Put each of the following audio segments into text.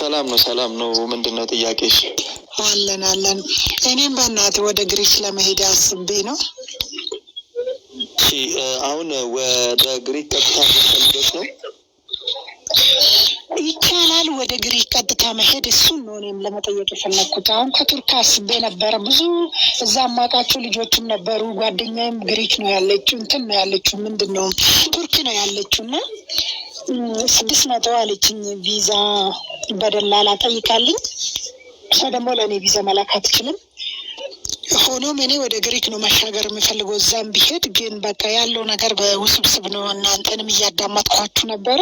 ሰላም ነው፣ ሰላም ነው። ምንድን ነው ጥያቄሽ? አለን አለን። እኔም በእናት ወደ ግሪክ ለመሄድ አስቤ ነው። አሁን ወደ ግሪክ ቀጥታ ፈልገሽ ነው? ይቻላል ወደ ግሪክ ቀጥታ መሄድ? እሱን ነው እኔም ለመጠየቅ የፈለግኩት። አሁን ከቱርክ አስቤ ነበረ። ብዙ እዛ አማቃቸው ልጆችም ነበሩ። ጓደኛዬም ግሪክ ነው ያለችው፣ እንትን ነው ያለችው፣ ምንድን ነው ቱርክ ነው ያለችው እና ስድስት መቶ አለችኝ። ቪዛ በደላላ ጠይቃልኝ። እሷ ደግሞ ለእኔ ቪዛ መላክ አትችልም። ሆኖም እኔ ወደ ግሪክ ነው መሻገር የምፈልገው። እዛም ቢሄድ ግን በቃ ያለው ነገር በውስብስብ ነው። እናንተንም እያዳመጥኳችሁ ነበረ።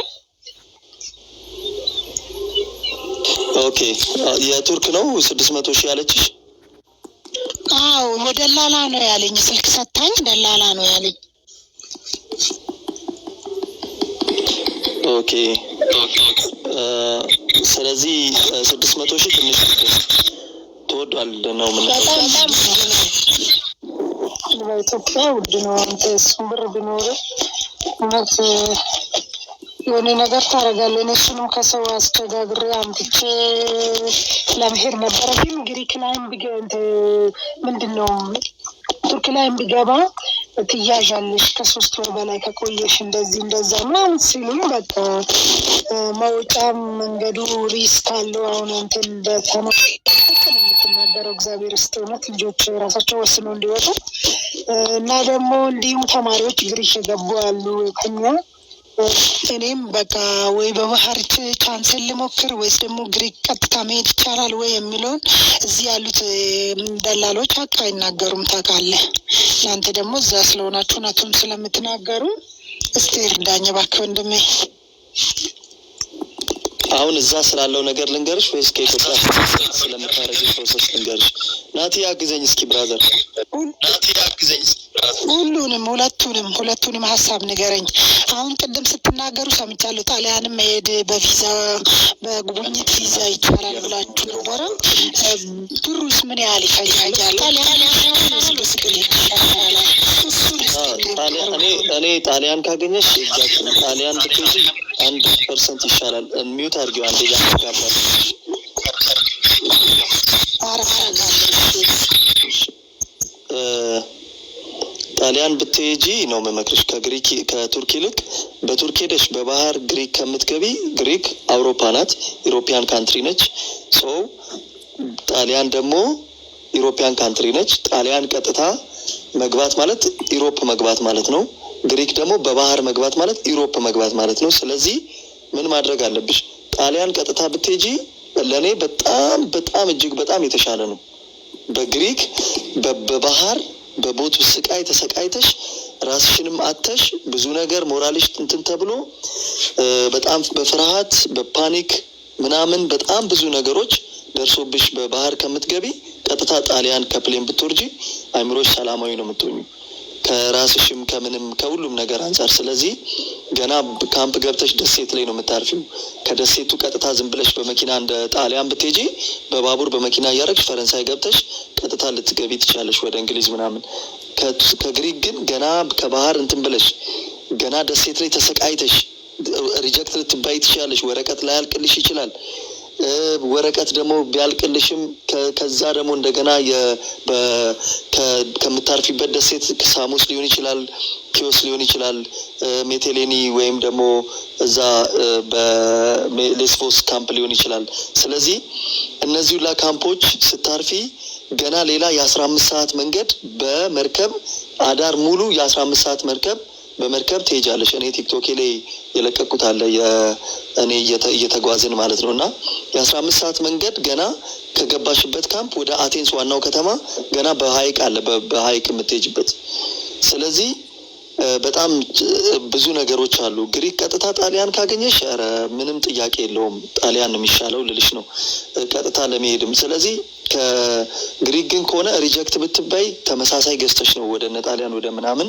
ኦኬ የቱርክ ነው ስድስት መቶ ሺህ ያለችሽ? አዎ ደላላ ነው ያለኝ። ስልክ ሰታኝ ደላላ ነው ያለኝ። ኦኬ ስለዚህ ስድስት መቶ ሺህ ትንሽ ተወዷል ነው ምን በኢትዮጵያ ውድ ነው። አንተ እሱም ብር ቢኖር እውነት የሆነ ነገር ታደርጋለህ። እሱንም ከሰው አስተጋግሬ አምጥቼ ለመሄድ ነበረ፣ ግን ግሪክ ላይም ምንድን ነው ቱርክ ላይም ቢገባ ትያዣለሽ ከሶስት ወር በላይ ከቆየሽ እንደዚህ እንደዛ ምናምን ሲሉም በቃ መውጫ መንገዱ ሪስክ አለው። አሁን አንተ እንደተማ የምትናገረው እግዚአብሔር ውስጥ እውነት ልጆች ራሳቸው ወስኖ እንዲወጡ እና ደግሞ እንዲሁም ተማሪዎች ግሪሽ የገቡ አሉ ከኛ እኔም በቃ ወይ በባህር ቻንስን ልሞክር ወይስ ደግሞ ግሪክ ቀጥታ መሄድ ይቻላል ወይ የሚለውን እዚህ ያሉት ደላሎች ሀቅ አይናገሩም ታውቃለህ። እናንተ ደግሞ እዛ ስለሆናችሁ ናቸውም ስለምትናገሩ እስቲ እርዳኝ እባክህ ወንድሜ። አሁን እዛ ስላለው ነገር ልንገርሽ ወይስ ከኢትዮጵያ ስለምታረጊው ፕሮሰስ ልንገርሽ? ናቲ አግዘኝ እስኪ ብራዘር፣ ሁሉንም ሁለቱንም ሁለቱንም ሀሳብ ንገረኝ። አሁን ቅድም ስትናገሩ ሰምቻለሁ። ጣሊያንም መሄድ በቪዛ በጉብኝት ቪዛ ይቻላል ብላችሁ ነበረ። ብሩስ ምን ያህል ይፈጃል? ጣሊያን ስግል ይቻላል እኔ ጣሊያን ካገኘሽ ጣሊያን ብትሄጂ አንድ ፐርሰንት ይሻላል። ሚዩት አድርጊው አንዴ ያጋባል። ጣሊያን ብትሄጂ ነው የምመክርሽ ከግሪክ ከቱርክ ይልቅ። በቱርክ ሄደሽ በባህር ግሪክ ከምትገቢ ግሪክ አውሮፓ ናት፣ ኢሮፒያን ካንትሪ ነች። ሰው ጣሊያን ደግሞ ኢሮፒያን ካንትሪ ነች። ጣሊያን ቀጥታ መግባት ማለት ኢሮፕ መግባት ማለት ነው። ግሪክ ደግሞ በባህር መግባት ማለት ኢሮፕ መግባት ማለት ነው። ስለዚህ ምን ማድረግ አለብሽ? ጣሊያን ቀጥታ ብትሄጂ ለእኔ በጣም በጣም እጅግ በጣም የተሻለ ነው። በግሪክ በባህር በቦት ስቃይ ተሰቃይተሽ ራስሽንም አተሽ ብዙ ነገር ሞራልሽ ትንትን ተብሎ በጣም በፍርሃት በፓኒክ ምናምን በጣም ብዙ ነገሮች ደርሶብሽ በባህር ከምትገቢ ቀጥታ ጣሊያን ከፕሌን ብትወርጂ አይምሮች ሰላማዊ ነው የምትሆኙ ከራስሽም ከምንም ከሁሉም ነገር አንጻር። ስለዚህ ገና ካምፕ ገብተሽ ደሴት ላይ ነው የምታርፊው። ከደሴቱ ቀጥታ ዝም ብለሽ በመኪና እንደ ጣሊያን ብትሄጂ በባቡር በመኪና እያረግሽ ፈረንሳይ ገብተሽ ቀጥታ ልትገቢ ትችላለሽ፣ ወደ እንግሊዝ ምናምን። ከግሪክ ግን ገና ከባህር እንትን ብለሽ ገና ደሴት ላይ ተሰቃይተሽ ሪጀክት ልትባይ ትችላለሽ። ወረቀት ላይ አልቅልሽ ይችላል። ወረቀት ደግሞ ቢያልቅልሽም ከዛ ደግሞ እንደገና ከምታርፊበት ደሴት ሳሙስ ሊሆን ይችላል፣ ኪዮስ ሊሆን ይችላል፣ ሜቴሌኒ ወይም ደግሞ እዛ በሌስፎስ ካምፕ ሊሆን ይችላል። ስለዚህ እነዚህ ሁላ ካምፖች ስታርፊ ገና ሌላ የአስራ አምስት ሰዓት መንገድ በመርከብ አዳር ሙሉ የአስራ አምስት ሰዓት መርከብ በመርከብ ትሄጃለሽ። እኔ ቲክቶኬ ላይ የለቀቁት አለ እኔ እየተጓዝን ማለት ነው እና የአስራ አምስት ሰዓት መንገድ ገና ከገባሽበት ካምፕ ወደ አቴንስ ዋናው ከተማ ገና በሀይቅ አለ በሀይቅ የምትሄጅበት ስለዚህ በጣም ብዙ ነገሮች አሉ። ግሪክ ቀጥታ ጣሊያን ካገኘሽ ኧረ ምንም ጥያቄ የለውም ጣሊያን ነው የሚሻለው ልልሽ ነው ቀጥታ ለመሄድም። ስለዚህ ከግሪክ ግን ከሆነ ሪጀክት ብትባይ ተመሳሳይ ገዝተሽ ነው ወደ እነ ጣሊያን ወደ ምናምን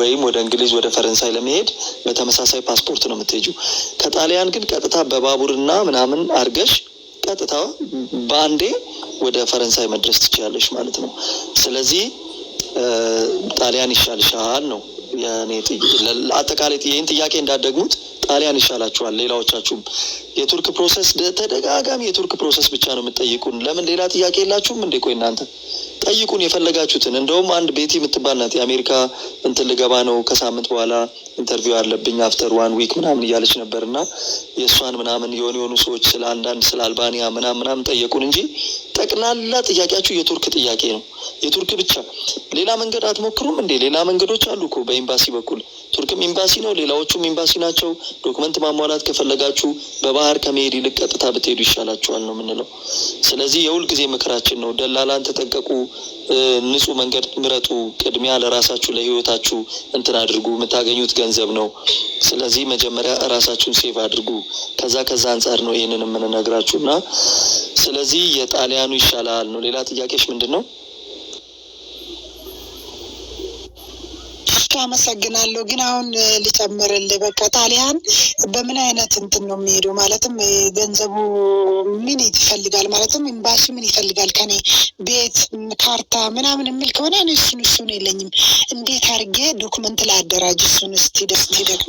ወይም ወደ እንግሊዝ ወደ ፈረንሳይ ለመሄድ በተመሳሳይ ፓስፖርት ነው የምትሄጁ። ከጣሊያን ግን ቀጥታ በባቡርና ምናምን አድርገሽ ቀጥታ በአንዴ ወደ ፈረንሳይ መድረስ ትችላለሽ ማለት ነው። ስለዚህ ጣሊያን ይሻልሻል ነው አጠቃላይ ይህን ጥያቄ እንዳደግሙት ጣሊያን ይሻላችኋል። ሌላዎቻችሁም የቱርክ ፕሮሰስ ተደጋጋሚ የቱርክ ፕሮሰስ ብቻ ነው የምትጠይቁን። ለምን ሌላ ጥያቄ የላችሁም እንዴ? ቆይ እናንተ ጠይቁን የፈለጋችሁትን። እንደውም አንድ ቤቲ የምትባል ናት የአሜሪካ እንትን ልገባ ነው ከሳምንት በኋላ ኢንተርቪው አለብኝ አፍተር ዋን ዊክ ምናምን እያለች ነበር እና የእሷን ምናምን የሆኑ የሆኑ ሰዎች ስለ አንዳንድ ስለ አልባኒያ ምናምን ምናምን ጠየቁን እንጂ ጠቅላላ ጥያቄያችሁ የቱርክ ጥያቄ ነው። የቱርክ ብቻ ሌላ መንገድ አትሞክሩም እንዴ? ሌላ መንገዶች አሉ እኮ በኤምባሲ በኩል ቱርክም ኤምባሲ ነው፣ ሌላዎቹም ኤምባሲ ናቸው። ዶክመንት ማሟላት ከፈለጋችሁ በባህር ከመሄድ ይልቅ ቀጥታ ብትሄዱ ይሻላችኋል ነው የምንለው። ስለዚህ የሁል ጊዜ ምክራችን ነው፣ ደላላን ተጠንቀቁ፣ ንጹህ መንገድ ምረጡ፣ ቅድሚያ ለራሳችሁ ለህይወታችሁ እንትን አድርጉ። የምታገኙት ገንዘብ ነው። ስለዚህ መጀመሪያ ራሳችሁን ሴቭ አድርጉ። ከዛ ከዛ አንጻር ነው ይህንን የምንነግራችሁ እና ስለዚህ የጣሊያኑ ይሻላል ነው። ሌላ ጥያቄሽ ምንድን ነው? አመሰግናለሁ። ግን አሁን ልጨምርልህ፣ በቃ ጣሊያን በምን አይነት እንትን ነው የሚሄደው? ማለትም ገንዘቡ ምን ይፈልጋል? ማለትም ኤምባሲ ምን ይፈልጋል? ከኔ ቤት፣ ካርታ ምናምን የሚል ከሆነ እኔ እሱን እሱን የለኝም። እንዴት አድርጌ ዶክመንት ላደራጅ? እሱን እስቲ ደስ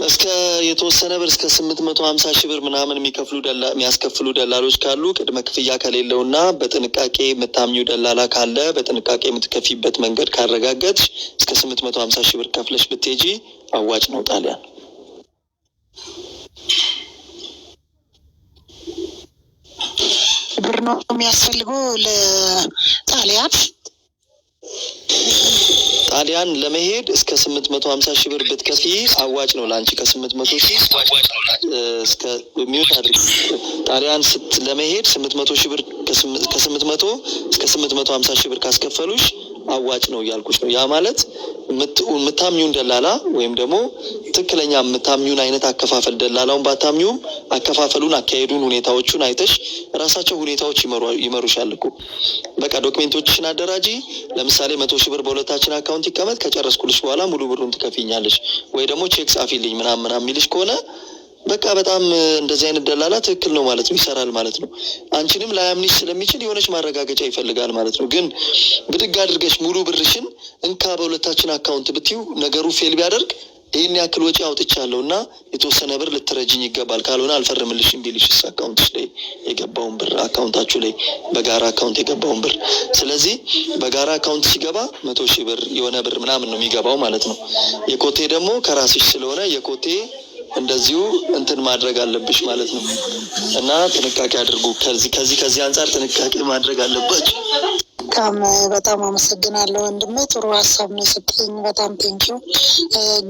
እስከ የተወሰነ ብር እስከ ስምንት መቶ ሀምሳ ሺህ ብር ምናምን የሚከፍሉ የሚያስከፍሉ ደላሎች ካሉ ቅድመ ክፍያ ከሌለው እና በጥንቃቄ የምታምኙ ደላላ ካለ በጥንቃቄ የምትከፊበት መንገድ ካረጋገጥ እስከ ስምንት መቶ ሀምሳ ሺህ ብር ከፍለ ተመልሰሽ ብትሄጂ አዋጭ ነው ጣሊያን። ብር ነው የሚያስፈልገው ለጣሊያን። ጣሊያን ለመሄድ እስከ ስምንት መቶ ሀምሳ ሺህ ብር ብትከፊ አዋጭ ነው ለአንቺ። ከስምንት መቶ ሺህ እስከ አድርግ ጣሊያን ለመሄድ ስምንት መቶ ሺህ ብር ከስምንት መቶ እስከ ስምንት መቶ ሀምሳ ሺህ ብር ካስከፈሉሽ አዋጭ ነው እያልኩች ነው። ያ ማለት የምታምኙን ደላላ ወይም ደግሞ ትክክለኛ የምታምኙን አይነት አከፋፈል ደላላውን ባታምኙም አከፋፈሉን፣ አካሄዱን፣ ሁኔታዎቹን አይተሽ ራሳቸው ሁኔታዎች ይመሩሻል እኮ በቃ ዶክሜንቶችሽን አደራጂ። ለምሳሌ መቶ ሺህ ብር በሁለታችን አካውንት ይቀመጥ፣ ከጨረስኩልሽ በኋላ ሙሉ ብሩን ትከፊኛለሽ ወይ ደግሞ ቼክ ጻፊልኝ ምናምን ምናምን የሚልሽ ከሆነ በቃ በጣም እንደዚህ አይነት ደላላ ትክክል ነው ማለት ነው፣ ይሰራል ማለት ነው። አንቺንም ላያምንሽ ስለሚችል የሆነች ማረጋገጫ ይፈልጋል ማለት ነው። ግን ብድግ አድርገሽ ሙሉ ብርሽን እንካ በሁለታችን አካውንት ብትዩ ነገሩ ፌል ቢያደርግ ይህን ያክል ወጪ አውጥቻለሁ እና የተወሰነ ብር ልትረጅኝ ይገባል፣ ካልሆነ አልፈርምልሽም ቢልሽስ አካውንትሽ ላይ የገባውን ብር አካውንታችሁ ላይ በጋራ አካውንት የገባውን ብር። ስለዚህ በጋራ አካውንት ሲገባ መቶ ሺህ ብር የሆነ ብር ምናምን ነው የሚገባው ማለት ነው። የኮቴ ደግሞ ከራስሽ ስለሆነ የኮቴ እንደዚሁ እንትን ማድረግ አለብሽ ማለት ነው። እና ጥንቃቄ አድርጉ። ከዚህ ከዚህ ከዚህ አንጻር ጥንቃቄ ማድረግ አለባቸው። በጣም በጣም አመሰግናለሁ ወንድሜ፣ ጥሩ ሀሳብ ነው የሰጠኝ። በጣም ቴንኪው።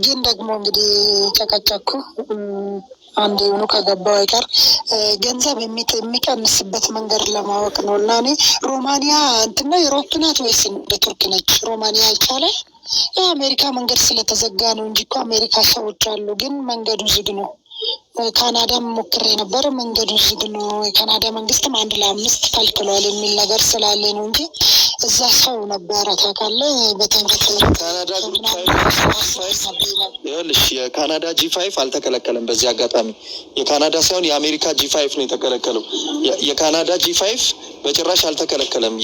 ግን ደግሞ እንግዲህ ጨቀጨኩ አንድ የሆኑ ከገባው አይቀር ገንዘብ የሚቀንስበት መንገድ ለማወቅ ነው እና እኔ ሮማንያ እንትና የሮፕ ናት ወይስ እንደ ቱርክ ነች? ሮማንያ ይቻላል የአሜሪካ መንገድ ስለተዘጋ ነው እንጂ እኮ አሜሪካ ሰዎች አሉ፣ ግን መንገዱ ዝግ ነው። ካናዳም ሞክሬ ነበር፣ መንገዱ ዝግ ነው። የካናዳ መንግስትም አንድ ለአምስት ከልክሏል የሚል ነገር ስላለ ነው እንጂ እዛ ሰው ነበረ ታውቃለህ። በትምህርትይልሽ የካናዳ ጂ ፋይፍ አልተከለከለም። በዚህ አጋጣሚ የካናዳ ሳይሆን የአሜሪካ ጂ ፋይፍ ነው የተከለከለው። የካናዳ ጂ ፋይፍ በጭራሽ አልተከለከለም።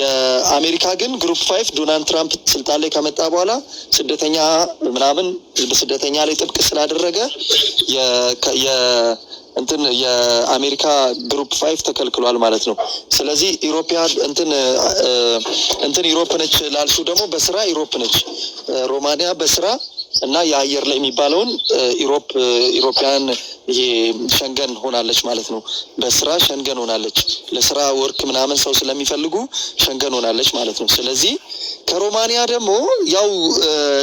የአሜሪካ ግን ግሩፕ ፋይፍ ዶናልድ ትራምፕ ስልጣን ላይ ከመጣ በኋላ ስደተኛ ምናምን ስደተኛ ላይ ጥብቅ ስላደረገ እንትን የአሜሪካ ግሩፕ ፋይቭ ተከልክሏል ማለት ነው። ስለዚህ ኢሮፕያ እንትን እንትን ኢሮፕ ነች ላልሹ ደግሞ በስራ ኢሮፕ ነች ሮማንያ በስራ እና የአየር ላይ የሚባለውን ኢሮፕ ኢሮፕያን ይሄ ሸንገን ሆናለች ማለት ነው። በስራ ሸንገን ሆናለች። ለስራ ወርክ ምናምን ሰው ስለሚፈልጉ ሸንገን ሆናለች ማለት ነው። ስለዚህ ከሮማኒያ ደግሞ ያው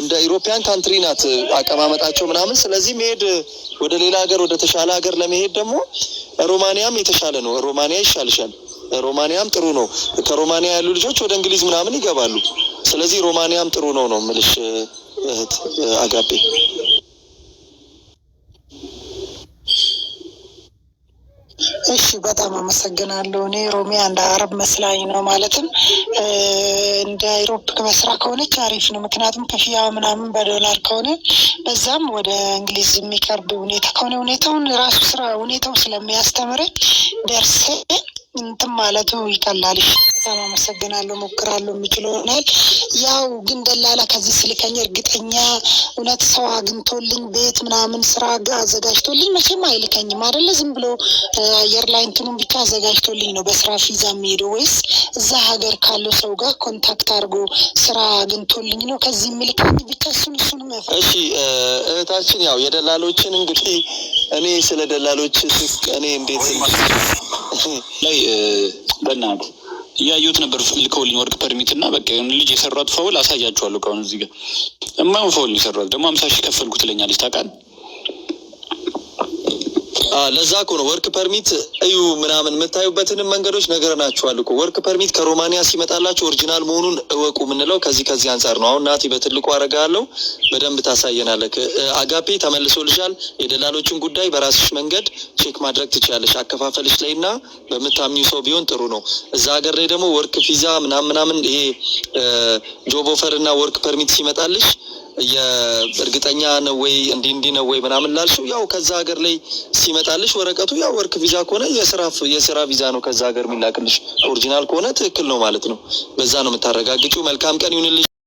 እንደ ኢሮፒያን ካንትሪ ናት አቀማመጣቸው ምናምን። ስለዚህ መሄድ ወደ ሌላ ሀገር ወደ ተሻለ ሀገር ለመሄድ ደግሞ ሮማኒያም የተሻለ ነው። ሮማኒያ ይሻልሻል። ሮማኒያም ጥሩ ነው። ከሮማኒያ ያሉ ልጆች ወደ እንግሊዝ ምናምን ይገባሉ። ስለዚህ ሮማኒያም ጥሩ ነው ነው ምልሽ እህት አጋቤ እሺ በጣም አመሰግናለሁ። እኔ ሮሚያ እንደ አረብ መስላኝ ነው። ማለትም እንደ አይሮፕ መስራ ከሆነች አሪፍ ነው። ምክንያቱም ክፍያ ምናምን በዶላር ከሆነ በዛም ወደ እንግሊዝ የሚቀርብ ሁኔታ ከሆነ ሁኔታውን ራሱ ስራ ሁኔታው ስለሚያስተምረኝ ደርሴ እንትን ማለቱ ይቀላል። በጣም አመሰግናለሁ። ሞክራለሁ፣ የሚችለው ይሆናል። ያው ግን ደላላ ከዚህ ስልከኝ እርግጠኛ እውነት ሰው አግኝቶልኝ ቤት ምናምን ስራ አዘጋጅቶልኝ መቼም አይልከኝም አደለ? ዝም ብሎ አየር ላይ እንትኑን ብቻ አዘጋጅቶልኝ ነው በስራ ፊዛ የሚሄደው ወይስ እዛ ሀገር ካለው ሰው ጋር ኮንታክት አድርጎ ስራ አግኝቶልኝ ነው ከዚህ የሚልከኝ? ብቻ እሱን እሱን መፍረ እሺ፣ እህታችን ያው የደላሎችን እንግዲህ እኔ ስለ ደላሎች እኔ እንዴት ላይ በእናቱ እያየሁት ነበር ልከውልኝ ወርቅ ፐርሚት እና በቃ ልጅ የሰራት ፈውል አሳያችኋለሁ። ከአሁን እዚህ ጋር እማይሆን ፈውል ነው የሰሯት። ደግሞ አምሳ ሺህ ከፈልኩ ትለኛለች ታውቃለህ ለዛ እኮ ነው ወርክ ፐርሚት እዩ ምናምን የምታዩበትንም መንገዶች ነግረናችኋል እኮ። ወርክ ፐርሚት ከሮማኒያ ሲመጣላቸው ኦሪጂናል መሆኑን እወቁ የምንለው ከዚህ ከዚህ አንጻር ነው። አሁን ናቲ በትልቁ አረጋለሁ፣ በደንብ ታሳየናለክ። አጋፔ ተመልሶልሻል። የደላሎችን ጉዳይ በራስሽ መንገድ ቼክ ማድረግ ትችላለች አከፋፈልሽ ላይ እና በምታምኚው ሰው ቢሆን ጥሩ ነው። እዛ ሀገር ላይ ደግሞ ወርክ ቪዛ ምናምን ምናምን ይሄ ጆብ ኦፈር እና ወርክ ፐርሚት ሲመጣልሽ እርግጠኛ ነው ወይ እንዲህ እንዲህ ነው ወይ ምናምን ላልሽው፣ ያው ከዛ ሀገር ላይ ሲመጣልሽ ወረቀቱ ያው ወርክ ቪዛ ከሆነ የስራ ቪዛ ነው ከዛ ሀገር የሚላክልሽ። ኦሪጂናል ከሆነ ትክክል ነው ማለት ነው። በዛ ነው የምታረጋግጪው። መልካም ቀን ይሁንልሽ።